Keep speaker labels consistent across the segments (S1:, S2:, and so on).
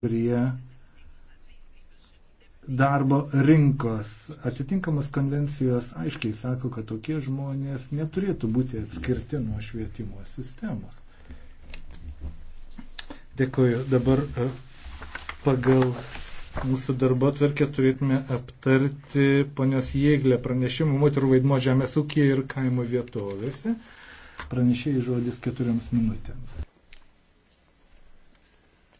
S1: prie darbo rinkos. Atitinkamas konvencijos aiškiai sako, kad tokie žmonės neturėtų būti atskirti nuo švietimo sistemos. Dėkuoju. Dabar e, pagal mūsų darbo atverkę turėtume aptarti ponios Jėglė pranešimų moterų vaidmo žemės ūkija ir kaimo vietovėse. Pranešėjai žodis keturiams minutėms.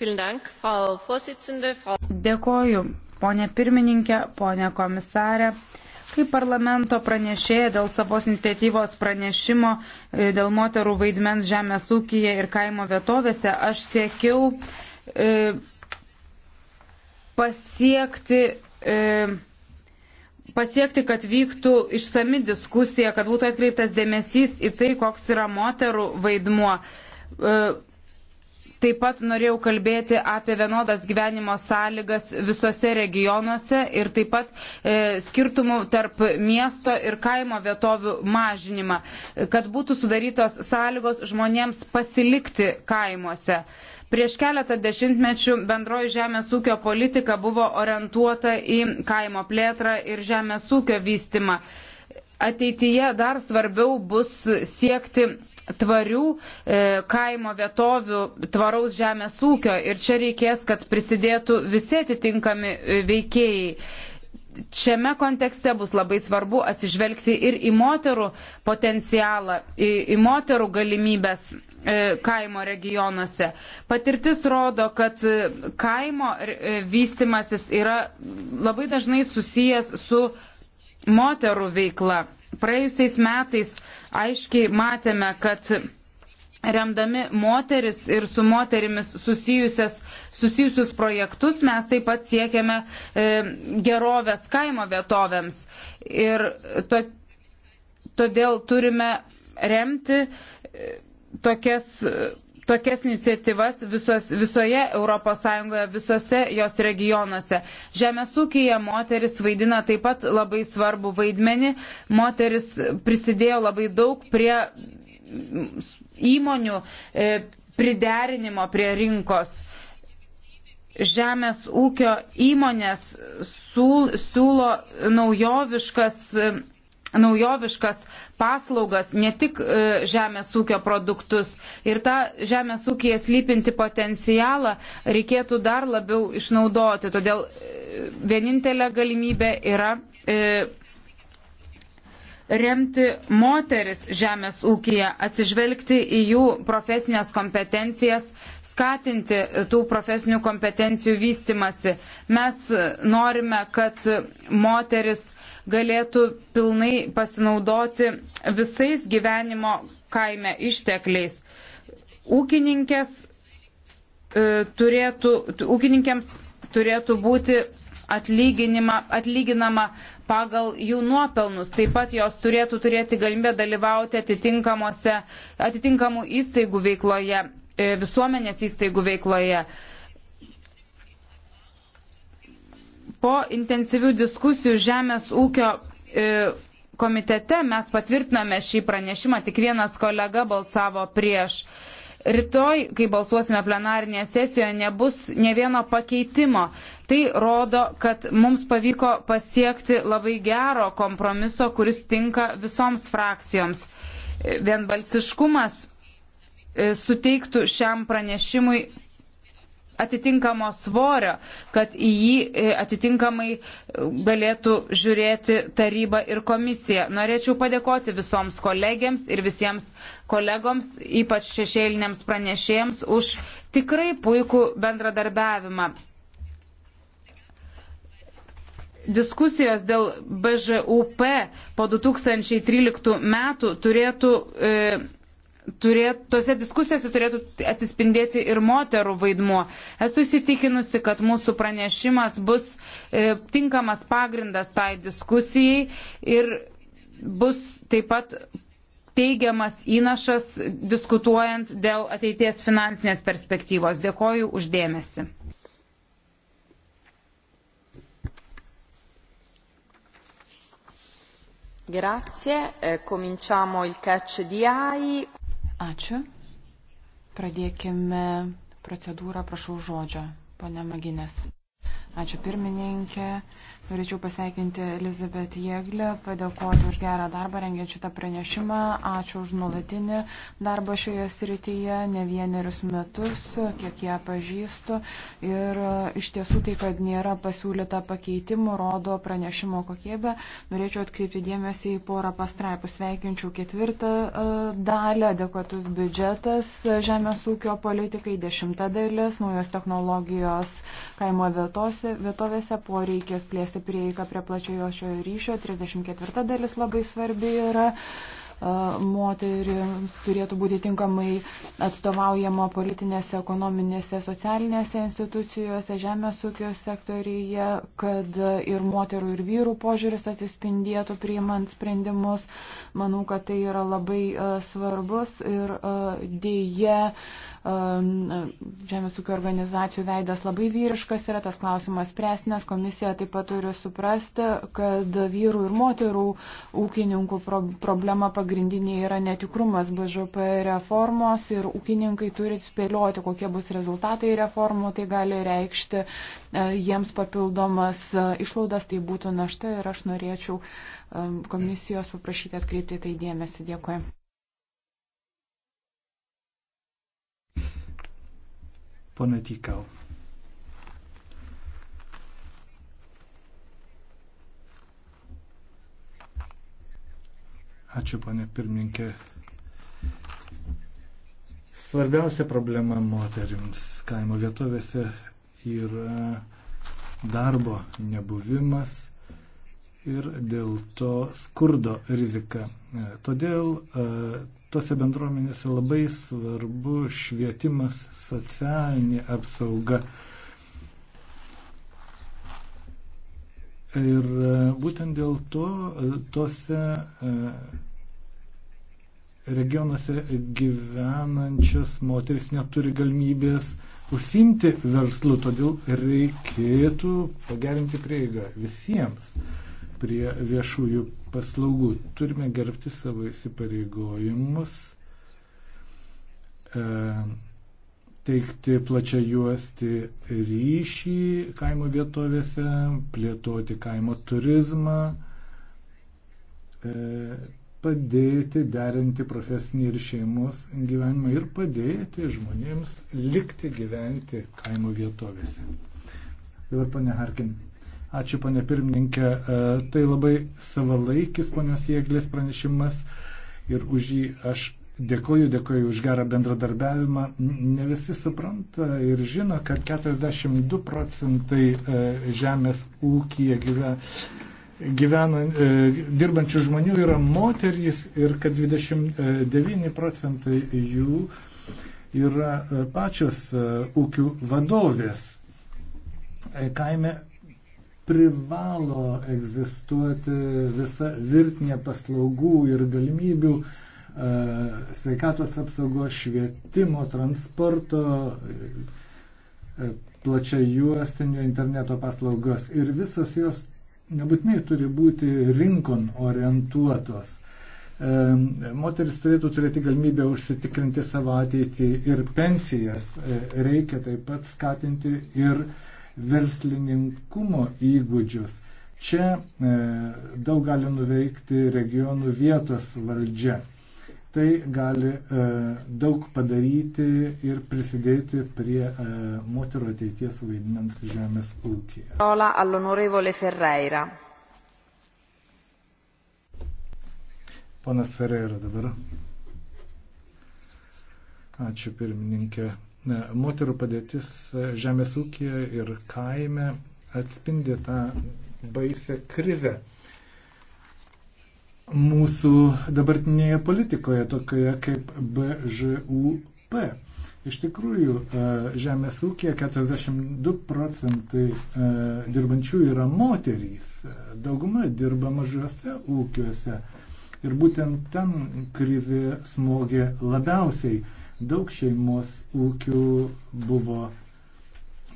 S2: Dėkoju,
S3: ponė pirmininkė, ponė komisarė. Kaip parlamento pranešėja dėl savos iniciatyvos pranešimo e, dėl moterų vaidmens žemės ūkyje ir kaimo vietovėse, aš siekiau e, pasiekti. E, pasiekti, kad vyktų išsami diskusija, kad būtų atkreiptas dėmesys į tai, koks yra moterų vaidmuo. E, Taip pat norėjau kalbėti apie vienodas gyvenimo sąlygas visose regionuose ir taip pat e, skirtumų tarp miesto ir kaimo vietovių mažinimą, kad būtų sudarytos sąlygos žmonėms pasilikti kaimuose. Prieš keletą dešimtmečių bendroji žemės ūkio politika buvo orientuota į kaimo plėtrą ir žemės ūkio vystimą. Ateityje dar svarbiau bus siekti tvarių e, kaimo vietovių, tvaraus žemės ūkio ir čia reikės, kad prisidėtų visi atitinkami e, veikėjai. Šiame kontekste bus labai svarbu atsižvelgti ir į moterų potencialą, į, į moterų galimybės e, kaimo regionuose. Patirtis rodo, kad e, kaimo vystimasis yra labai dažnai susijęs su moterų veikla. Praėjusiais metais aiškiai matėme, kad remdami moteris ir su moterimis susijusius projektus mes taip pat siekiame e, gerovės kaimo vietovėms. Ir to, todėl turime remti e, tokias. E, tokias iniciatyvas visos, visoje ES, visose jos regionuose. Žemės ūkija moteris vaidina taip pat labai svarbu vaidmenį. Moteris prisidėjo labai daug prie įmonių e, priderinimo prie rinkos. Žemės ūkio įmonės siūlo naujoviškas naujoviškas paslaugas, ne tik e, žemės ūkio produktus. Ir tą žemės ūkėje slypinti potencialą reikėtų dar labiau išnaudoti. Todėl e, vienintelė galimybė yra e, remti moteris žemės ūkėje, atsižvelgti į jų profesinės kompetencijas, skatinti tų profesinių kompetencijų vystimasi. Mes norime, kad moteris galėtų pilnai pasinaudoti visais gyvenimo kaime ištekliais. Ūkininkės, e, turėtų, ūkininkėms turėtų būti atlyginama pagal jų nuopelnus. Taip pat jos turėtų turėti galimybę dalyvauti atitinkamų įstaigų veikloje, e, visuomenės įstaigų veikloje. po intensyvių diskusijų Žemės ūkio e, komitete mes patvirtiname šį pranešimą, tik vienas kolega balsavo prieš. Rytoj, kai balsuosime plenarinėje sesijoje, nebus ne vieno pakeitimo. Tai rodo, kad mums pavyko pasiekti labai gero kompromiso, kuris tinka visoms frakcijoms. E, vienbalsiškumas e, suteiktų šiam pranešimui atitinkamo svorio, kad į jį e, atitinkamai e, galėtų žiūrėti taryba ir komisija. Norėčiau padėkoti visoms kolegiams ir visiems kolegoms, ypač šešėliniams pranešėjams, už tikrai puikų bendradarbiavimą. Diskusijos dėl BŽUP po 2013 metų turėtų e, turėt, tose diskusijose turėtų atsispindėti ir moterų vaidmuo. Esu įsitikinusi, kad mūsų pranešimas bus e, tinkamas pagrindas tai diskusijai ir bus taip pat teigiamas įnašas diskutuojant dėl ateities finansinės perspektyvos. Dėkoju uždėmesi.
S2: Grazie, eh, cominciamo il catch di AI. Ačiū. Pradėkime procedūrą, prašau žodžio, ponia Maginės. Ačiū pirmininkė. Norėčiau pasveikinti Elizabet Jėglę, padėkoti už gerą darbą rengiant šitą pranešimą. Ačiū už nuolatinį darbą šioje srityje, ne vienerius metus, kiek ją pažįstu. Ir e, iš tiesų tai, kad nėra pasiūlyta pakeitimų, rodo pranešimo kokybę. Norėčiau atkreipti dėmesį į porą pastraipų. Sveikinčiau ketvirtą e, dalį, adekvatus biudžetas e, žemės ūkio politikai, dešimta dalis, naujos technologijos kaimo vietose, vietovėse, poreikės plėsti užtikrinti prieiką prie plačiojo šio ryšio. 34 dalis labai svarbi yra moterims turėtų būti tinkamai atstovaujama politinėse, ekonominėse, socialinėse institucijose, žemės ūkio sektoriuje, kad ir moterų ir vyrų požiūris atsispindėtų priimant sprendimus. Manau, kad tai yra labai svarbus ir dėje žemės ūkio organizacijų veidas labai vyriškas yra, tas klausimas spręs, nes komisija taip pat turi suprasti, kad vyrų ir moterų ūkininkų pro problema pagrindinė yra netikrumas BŽP reformos ir ūkininkai turi spėlioti, kokie bus rezultatai reformų, tai gali reikšti e, jiems papildomas e, išlaudas, tai būtų našta ir aš norėčiau komisijos paprašyti atkreipti tai dėmesį. Dėkui.
S1: Pone Tykau. Ačiū, ponė pirmininkė. Svarbiausia problema moterims kaimo vietovėse yra darbo nebuvimas ir dėl to skurdo rizika. Todėl e, tose bendruomenėse labai svarbu švietimas, socialinė apsauga. Ir e, būtent dėl to e, tose regionuose gyvenančios moteris neturi galimybės užsimti verslu, todėl reikėtų pagerinti prieigą visiems. Uh, prie viešųjų paslaugų. Turime gerbti savo įsipareigojimus, e, teikti plačią juosti ryšį kaimo vietovėse, plėtoti kaimo turizmą, e, padėti derinti profesinį ir šeimos gyvenimą ir padėti žmonėms likti gyventi kaimo vietovėse. Dabar, pane Harkin. Ačiū, ponė pirmininkė. E, tai labai savalaikis ponios Jėglės pranešimas ir už jį aš dėkoju, dėkoju už gerą bendradarbiavimą. Ne visi supranta ir žino, kad 42 procentai e, žemės ūkija gyvena gyvena, e, dirbančių žmonių yra moterys ir kad 29 procentai jų yra e, pačios e, ūkių vadovės. Kaime privalo egzistuoti visa virtinė paslaugų ir galimybių e, sveikatos apsaugos, švietimo, transporto, e, plačia juostinio interneto paslaugos. Ir visas jos nebūtinai turi būti rinkon orientuotos. E, moteris turėtų turėti galimybę užsitikrinti savo ateitį ir pensijas. Reikia taip pat skatinti ir uh, verslininkumo įgūdžius. Čia e, daug gali nuveikti regionų vietos valdžia. Tai gali e, daug padaryti ir prisidėti prie e, moterų ateities vaidmens žemės ūkija.
S3: Ola all'onorevole Ferreira.
S1: Ponas Ferreira dabar. Ačiū pirmininkė. Moterų padėtis e, žemės ūkija ir kaime atspindi tą baisę krizę. Mūsų dabartinėje politikoje, tokioje kaip BŽUP. Iš tikrųjų, e, žemės ūkija 42 procentai e, dirbančių yra moterys. Dauguma dirba mažuose ūkiuose. Ir būtent ten krizė smogė labiausiai. Daug šeimos ūkių buvo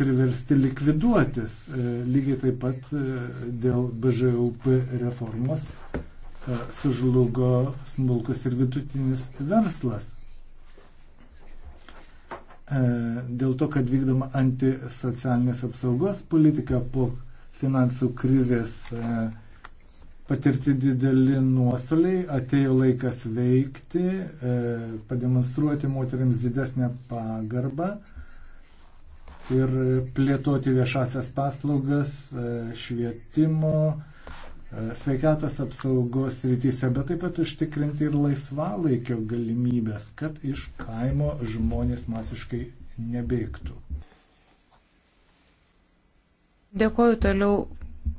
S1: priversti likviduotis. E, lygiai taip pat e, dėl BŽUP reformos e, sužlugo smulkus ir vidutinis verslas. Dėl to, kad vykdoma antisocialinės apsaugos politika po finansų krizės patirti dideli nuostoliai, atėjo laikas veikti, e, pademonstruoti moteriams didesnę pagarbą ir plėtoti viešasias paslaugas, e, švietimo, e, sveikatos apsaugos rytise, bet taip pat užtikrinti ir laisvalaikio galimybės, kad iš kaimo žmonės masiškai nebėgtų.
S3: Dėkuoju toliau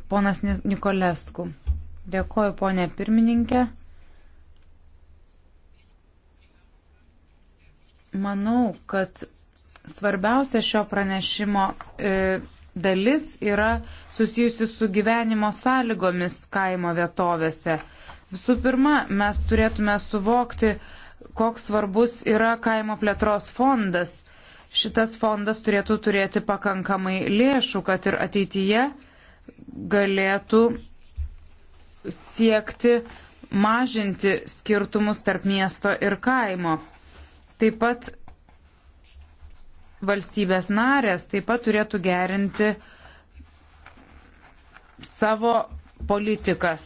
S3: ponas Nikolesku. Dėkoju, ponė pirmininkė. Manau, kad svarbiausia šio pranešimo e, dalis yra susijusi su gyvenimo sąlygomis kaimo vietovėse. Visų pirma, mes turėtume suvokti, koks svarbus yra kaimo plėtros fondas. Šitas fondas turėtų turėti pakankamai lėšų, kad ir ateityje galėtų siekti mažinti skirtumus tarp miesto ir kaimo. Taip pat valstybės narės taip pat turėtų gerinti savo politikas,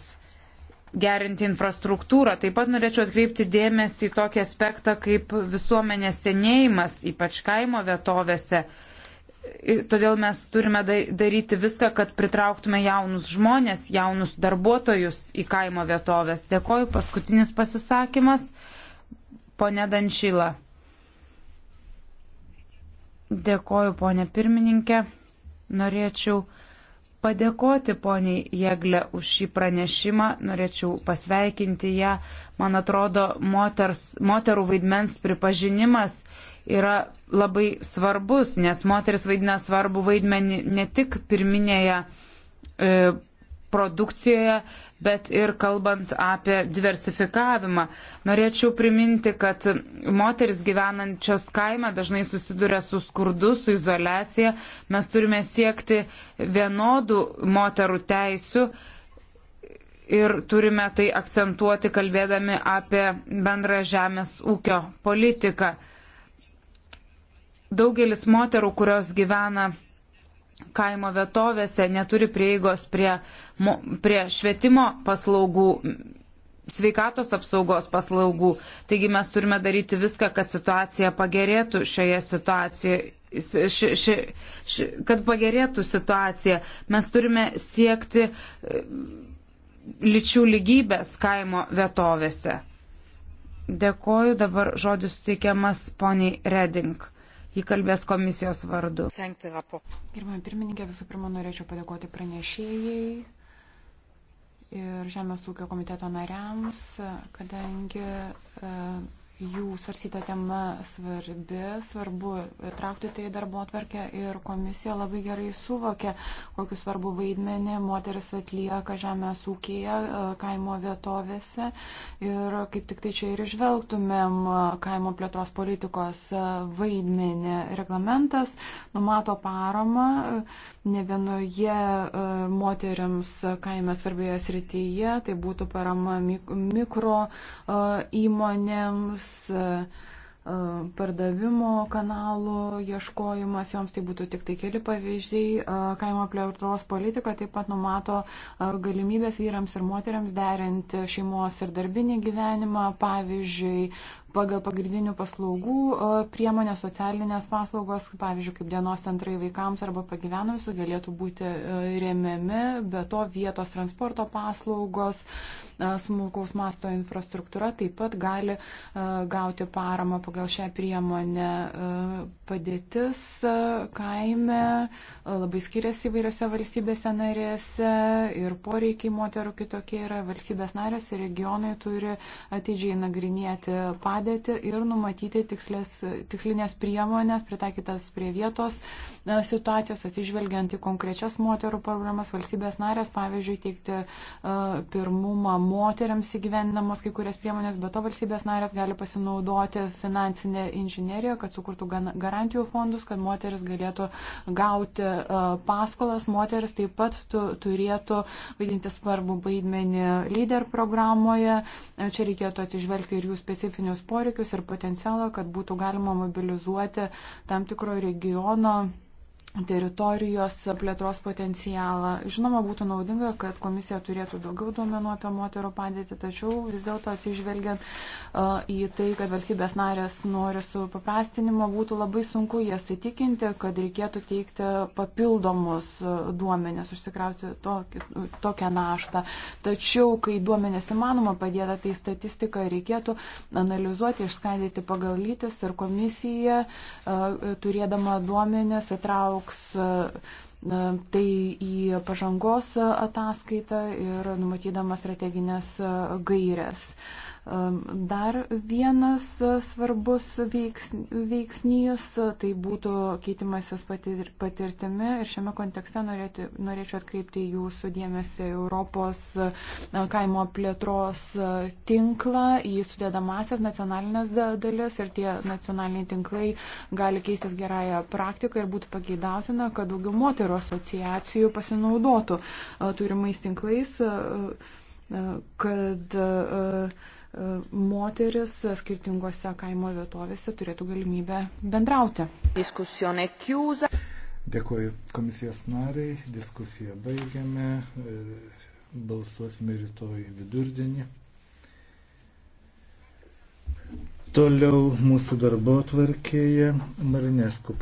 S3: gerinti infrastruktūrą. Taip pat norėčiau atkreipti dėmesį į tokį aspektą kaip visuomenės senėjimas, ypač kaimo vietovėse todėl mes turime daryti viską, kad pritrauktume jaunus žmonės, jaunus darbuotojus į kaimo vietovės. Dėkoju, paskutinis pasisakymas. Pone Danšyla. Dėkoju, ponė pirmininkė. Norėčiau padėkoti poniai Jeglė už šį pranešimą, norėčiau pasveikinti ją. Man atrodo, moters, moterų vaidmens pripažinimas yra labai svarbus, nes moteris vaidina svarbu vaidmenį ne tik pirminėje e, produkcijoje, bet ir kalbant apie diversifikavimą. Norėčiau priminti, kad moteris gyvenančios kaime dažnai susiduria su skurdu, su izolacija. Mes turime siekti vienodų moterų teisių ir turime tai akcentuoti kalbėdami apie bendrą žemės ūkio politiką. Daugelis moterų, kurios gyvena kaimo vietovėse, neturi prieigos prie, prie švietimo paslaugų, sveikatos apsaugos paslaugų. Taigi mes turime daryti viską, kad situacija pagerėtų šioje situacijoje. Ši, ši, ši, kad pagerėtų situacija, mes turime siekti e, lyčių lygybės kaimo vietovėse. Dėkoju, dabar žodis suteikiamas poniai Reding. Jį kalbės komisijos vardu.
S2: Pirmą pirmininkę visų pirma norėčiau padėkoti pranešėjai ir Žemės ūkio komiteto nariams, kadangi e, jų svarsyta tema svarbi, svarbu traukti tai darbo atvarkę ir komisija labai gerai suvokė, kokius svarbu vaidmenį moteris atlieka žemės ūkėje, e, kaimo vietovėse ir kaip tik tai čia ir išvelgtumėm e, kaimo plėtros politikos e, vaidmenį. Reglamentas numato paramą ne vienoje moteriams kaime svarbioje srityje, tai būtų parama mikro įmonėms patirtis, e, e, pardavimo kanalų ieškojimas, joms tai būtų tik tai keli pavyzdžiai. E, kaimo plėtros politika taip pat numato galimybės vyrams ir moteriams derinti šeimos ir darbinį gyvenimą, pavyzdžiui, pagal pagrindinių paslaugų e, priemonės socialinės paslaugos, pavyzdžiui, kaip dienos centrai vaikams arba pagyvenusius galėtų būti e, remiami, be to vietos transporto paslaugos, e, smulkaus masto infrastruktūra taip pat gali gauti paramą pagal šią priemonę. Padėtis kaime labai skiriasi įvairiose valstybėse narėse ir poreikiai moterų kitokie yra valstybės narės ir regionai turi atidžiai nagrinėti padėtį padėtį ir numatyti tikslės, tikslinės priemonės pritaikytas prie vietos e, situacijos, atsižvelgiant į konkrečias moterų problemas, valstybės narės, pavyzdžiui, teikti e, pirmumą moteriams įgyvendinamos kai kurias priemonės, bet to valstybės narės gali pasinaudoti finansinę inžineriją, kad sukurtų garantijų fondus, kad moteris galėtų gauti e, paskolas, moteris taip pat turėtų vaidinti svarbų vaidmenį lyder programoje. Čia reikėtų atsižvelgti ir jų specifinius poreikius ir potencialą, kad būtų galima mobilizuoti tam tikro regiono teritorijos plėtros potencialą. Žinoma, būtų naudinga, kad komisija turėtų daugiau duomenų apie moterų padėtį, tačiau vis dėlto atsižvelgiant uh, į tai, kad valstybės narės nori su paprastinimo, būtų labai sunku jas įtikinti, kad reikėtų teikti papildomus duomenės, užsikrauti tokį, tokią naštą. Tačiau, kai duomenės įmanoma padėta, tai statistiką reikėtų analizuoti, išskaidyti pagal lytis ir komisija, uh, turėdama duomenės, įtraukti įtrauks tai į pažangos ataskaitą ir numatydamas strateginės gairias. Dar vienas svarbus veiksnys tai būtų keitimasis patirtimi ir šiame kontekste norėtų, norėčiau atkreipti jūsų dėmesį Europos kaimo plėtros tinklą į sudėdamasias nacionalinės dalis ir tie nacionaliniai tinklai gali keistis gerąją praktiką ir būtų pageidautina, kad daugiau moterų asociacijų pasinaudotų turimais tinklais kad moteris skirtingose kaimo vietovėse turėtų galimybę bendrauti. Diskusione chiusa.
S1: Dėkuoju komisijos nariai, diskusiją baigiame, balsuosime rytoj vidurdienį. Toliau mūsų darbo tvarkėje Marinesku